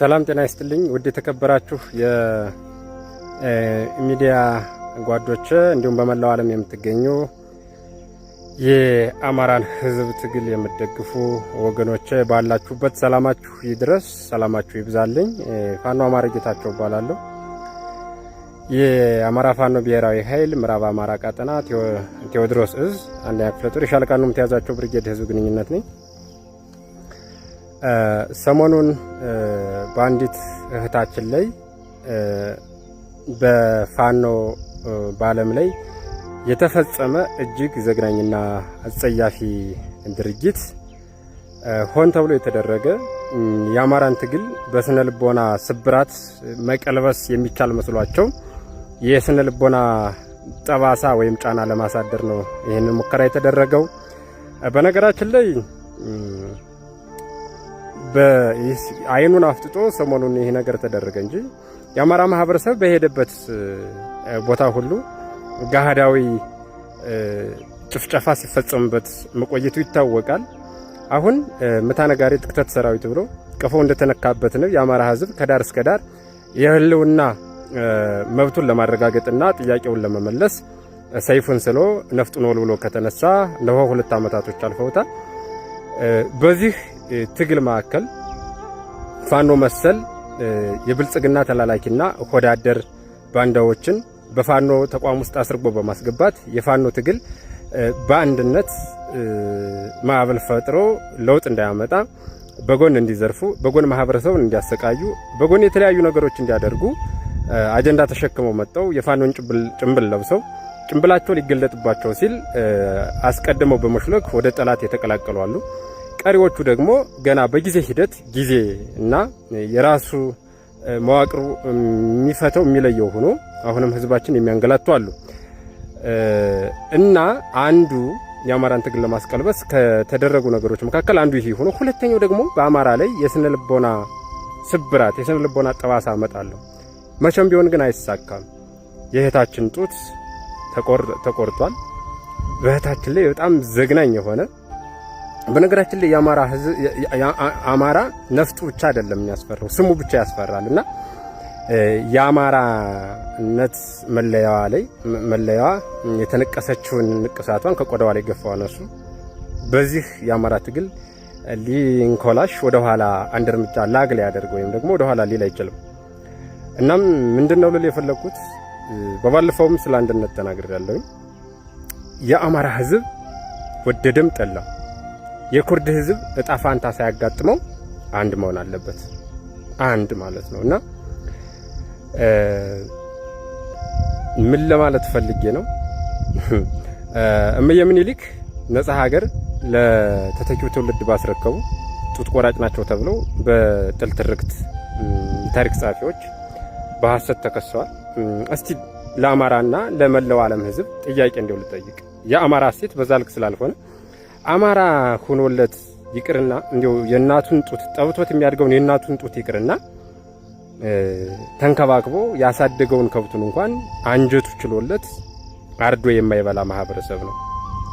ሰላም ጤና ይስጥልኝ። ውድ የተከበራችሁ የሚዲያ ጓዶች እንዲሁም በመላው ዓለም የምትገኙ የአማራን ሕዝብ ትግል የምትደግፉ ወገኖች ባላችሁበት ሰላማችሁ ይድረስ፣ ሰላማችሁ ይብዛልኝ። ፋኖ አማረ ጌታቸው እባላለሁ። የአማራ ፋኖ ብሔራዊ ኃይል ምዕራብ አማራ ቀጠና ቴዎድሮስ እዝ አንደኛ ክፍለ ጦር የሻለቃ ብርጌድ ሕዝብ ግንኙነት ነኝ። ሰሞኑን በአንዲት እህታችን ላይ በፋኖ በዓለም ላይ የተፈጸመ እጅግ ዘግናኝና አጸያፊ ድርጊት ሆን ተብሎ የተደረገ የአማራን ትግል በስነ ልቦና ስብራት መቀልበስ የሚቻል መስሏቸው የስነ ልቦና ጠባሳ ወይም ጫና ለማሳደር ነው ይህንን ሙከራ የተደረገው። በነገራችን ላይ አይኑን አፍጥጦ ሰሞኑን ይሄ ነገር ተደረገ እንጂ የአማራ ማህበረሰብ በሄደበት ቦታ ሁሉ ገሃዳዊ ጭፍጨፋ ሲፈጸምበት መቆየቱ ይታወቃል። አሁን ምታነጋሪ ትክተት ሰራዊት ብሎ ቀፎ እንደተነካበት ነው የአማራ ህዝብ ከዳር እስከ ዳር የህልውና መብቱን ለማረጋገጥና ጥያቄውን ለመመለስ ሰይፉን ስሎ ነፍጡን ወልውሎ ከተነሳ ለሆ ሁለት ዓመታቶች አልፈውታል። በዚህ ትግል ማዕከል ፋኖ መሰል የብልጽግና ተላላኪና ሆዳደር ባንዳዎችን በፋኖ ተቋም ውስጥ አስርጎ በማስገባት የፋኖ ትግል በአንድነት ማዕበል ፈጥሮ ለውጥ እንዳያመጣ በጎን እንዲዘርፉ፣ በጎን ማህበረሰቡን እንዲያሰቃዩ፣ በጎን የተለያዩ ነገሮች እንዲያደርጉ አጀንዳ ተሸክመው መጥተው የፋኖን ጭንብል ለብሰው ጭንብላቸው ሊገለጥባቸው ሲል አስቀድመው በመሽለክ ወደ ጠላት የተቀላቀሉ አሉ። ቀሪዎቹ ደግሞ ገና በጊዜ ሂደት ጊዜ እና የራሱ መዋቅሩ የሚፈተው የሚለየው ሆኖ አሁንም ህዝባችን የሚያንገላቱ አሉ እና አንዱ የአማራን ትግል ለማስቀልበስ ከተደረጉ ነገሮች መካከል አንዱ ይሄ ሆኖ፣ ሁለተኛው ደግሞ በአማራ ላይ የስነ ልቦና ስብራት፣ የስነ ልቦና ጠባሳ አመጣለሁ። መቼም ቢሆን ግን አይሳካም። የእህታችን ጡት ተቆርጧል። በእህታችን ላይ በጣም ዘግናኝ የሆነ በነገራችን ላይ የአማራ ህዝብ አማራ ነፍጡ ብቻ አይደለም የሚያስፈራው ስሙ ብቻ ያስፈራል። እና የአማራነት መለያዋ ላይ መለያዋ የተነቀሰችውን ንቅሳቷን ከቆዳዋ ላይ ገፋዋ ነሱ። በዚህ የአማራ ትግል ሊንኮላሽ ወደኋላ አንድ እርምጃ ላግ ላይ ያደርግ ወይም ደግሞ ወደኋላ ሊል አይችልም። እናም ምንድነው ልል የፈለግኩት በባለፈውም ስለ አንድነት ተናግሬያለሁ። የአማራ ህዝብ ወደደም ጠላ የኩርድ ህዝብ እጣ ፋንታ ሳያጋጥመው አንድ መሆን አለበት። አንድ ማለት ነው እና ምን ለማለት ፈልጌ ነው? እምዬ ምኒልክ ነጻ ሀገር ለተተኪው ትውልድ ባስረከቡ ጡት ቆራጭ ናቸው ተብለው በጥል ትርክት ታሪክ ጸሐፊዎች በሐሰት ተከሰዋል። እስቲ ለአማራና ለመላው ዓለም ህዝብ ጥያቄ እንዲው ልጠይቅ። የአማራ ሴት በዛ ልክ ስላልሆነ አማራ ሆኖለት ይቅርና እንዲያው የእናቱን ጡት ጠብቶት የሚያድገውን የእናቱን ጡት ይቅርና ተንከባክቦ ያሳደገውን ከብቱን እንኳን አንጀቱ ችሎለት አርዶ የማይበላ ማህበረሰብ ነው።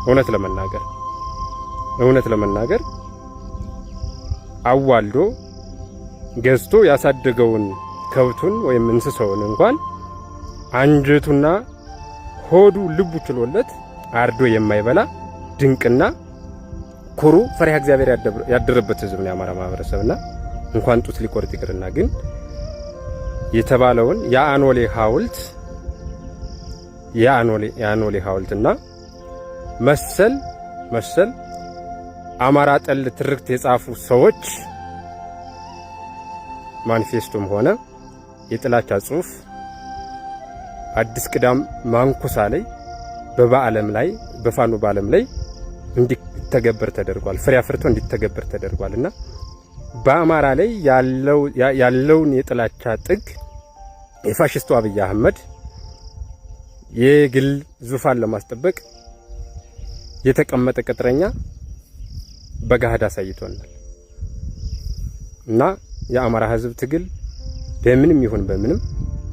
እውነት ለመናገር እውነት ለመናገር አዋልዶ ገዝቶ ያሳደገውን ከብቱን ወይም እንስሳውን እንኳን አንጀቱና ሆዱ ልቡ ችሎለት አርዶ የማይበላ ድንቅና ኩሩ ፈሪሃ እግዚአብሔር ያደረበት ህዝብ ነው የአማራ ማህበረሰብና እንኳን ጡት ሊቆርጥ ይቅርና ግን የተባለውን የአኖሌ ሐውልት የአኖሌ ሐውልትና መሰል መሰል አማራ ጠል ትርክት የጻፉ ሰዎች ማኒፌስቶም ሆነ የጥላቻ ጽሁፍ አዲስ ቅዳም ማንኮሳ ላይ በበዓለም ላይ በፋኖ በዓለም ላይ እንዲ እንዲተገበር ተደርጓል። ፍሬ አፍርቶ እንዲተገበር ተደርጓል እና በአማራ ላይ ያለውን የጥላቻ ጥግ የፋሽስቱ አብይ አህመድ የግል ዙፋን ለማስጠበቅ የተቀመጠ ቅጥረኛ በገሃድ አሳይቶናል እና የአማራ ሕዝብ ትግል በምንም ይሁን በምንም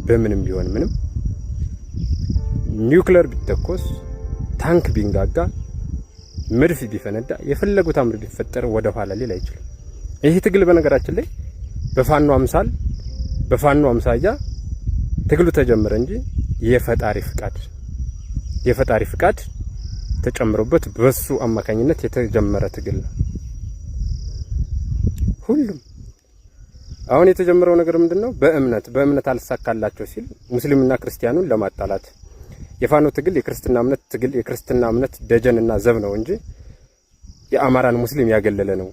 በምንም ቢሆን ምንም ኒውክሌር ቢተኮስ ታንክ ቢንጋጋ መድፍ ቢፈነዳ የፈለጉት አምር ቢፈጠር ወደ ኋላ ሊል አይችልም። ይህ ትግል በነገራችን ላይ በፋኖ አምሳል በፋኖ አምሳያ ትግሉ ተጀመረ እንጂ የፈጣሪ ፍቃድ የፈጣሪ ፍቃድ ተጨምሮበት በሱ አማካኝነት የተጀመረ ትግል ነው። ሁሉም አሁን የተጀመረው ነገር ምንድነው? በእምነት በእምነት አልሳካላቸው ሲል ሙስሊምና ክርስቲያኑን ለማጣላት የፋኖ ትግል የክርስትና እምነት ትግል የክርስትና እምነት ደጀንና ዘብ ነው እንጂ የአማራን ሙስሊም ያገለለ ነው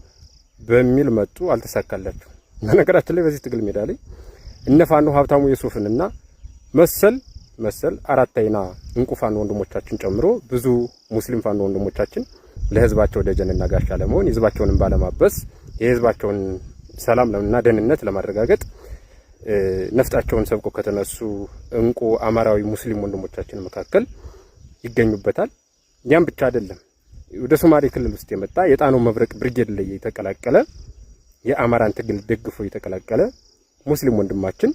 በሚል መጡ። አልተሳካላችሁ። በነገራችን ላይ በዚህ ትግል ሜዳ ላይ እነ ፋኖ ሀብታሙ የሱፍንና መሰል መሰል አራት አይና እንቁ ፋኖ ወንድሞቻችን ጨምሮ ብዙ ሙስሊም ፋኖ ወንድሞቻችን ለህዝባቸው ደጀንና ጋሻ ለመሆን የህዝባቸውንም ባለማበስ የህዝባቸውን ሰላም እና ደህንነት ለማረጋገጥ ነፍጣቸውን ሰብቆ ከተነሱ እንቁ አማራዊ ሙስሊም ወንድሞቻችን መካከል ይገኙበታል። ያም ብቻ አይደለም። ወደ ሶማሌ ክልል ውስጥ የመጣ የጣናው መብረቅ ብርጌድ ላይ የተቀላቀለ የአማራን ትግል ደግፎ የተቀላቀለ ሙስሊም ወንድማችን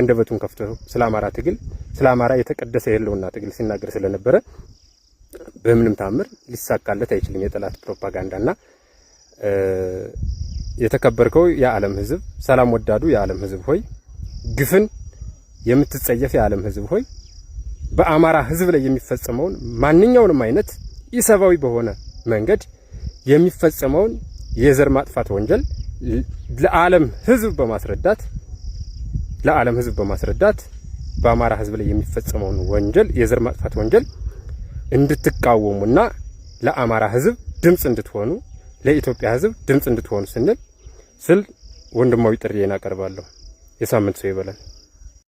አንደበቱን ከፍቶ ስለ አማራ ትግል ስለ አማራ የተቀደሰ የህልውና ትግል ሲናገር ስለነበረ በምንም ታምር ሊሳካለት አይችልም የጠላት ፕሮፓጋንዳና የተከበርከው የዓለም ህዝብ ሰላም ወዳዱ የዓለም ህዝብ ሆይ ግፍን የምትጸየፍ የዓለም ህዝብ ሆይ በአማራ ህዝብ ላይ የሚፈጸመውን ማንኛውንም አይነት ኢሰብአዊ በሆነ መንገድ የሚፈጸመውን የዘር ማጥፋት ወንጀል ለዓለም ህዝብ በማስረዳት ለዓለም ህዝብ በማስረዳት በአማራ ህዝብ ላይ የሚፈጸመውን ወንጀል የዘር ማጥፋት ወንጀል እንድትቃወሙና ለአማራ ህዝብ ድምፅ እንድትሆኑ ለኢትዮጵያ ህዝብ ድምፅ እንድትሆኑ ስንል ስል ወንድማዊ ጥሪዬን አቀርባለሁ። የሳምንት ሰው ይበላል።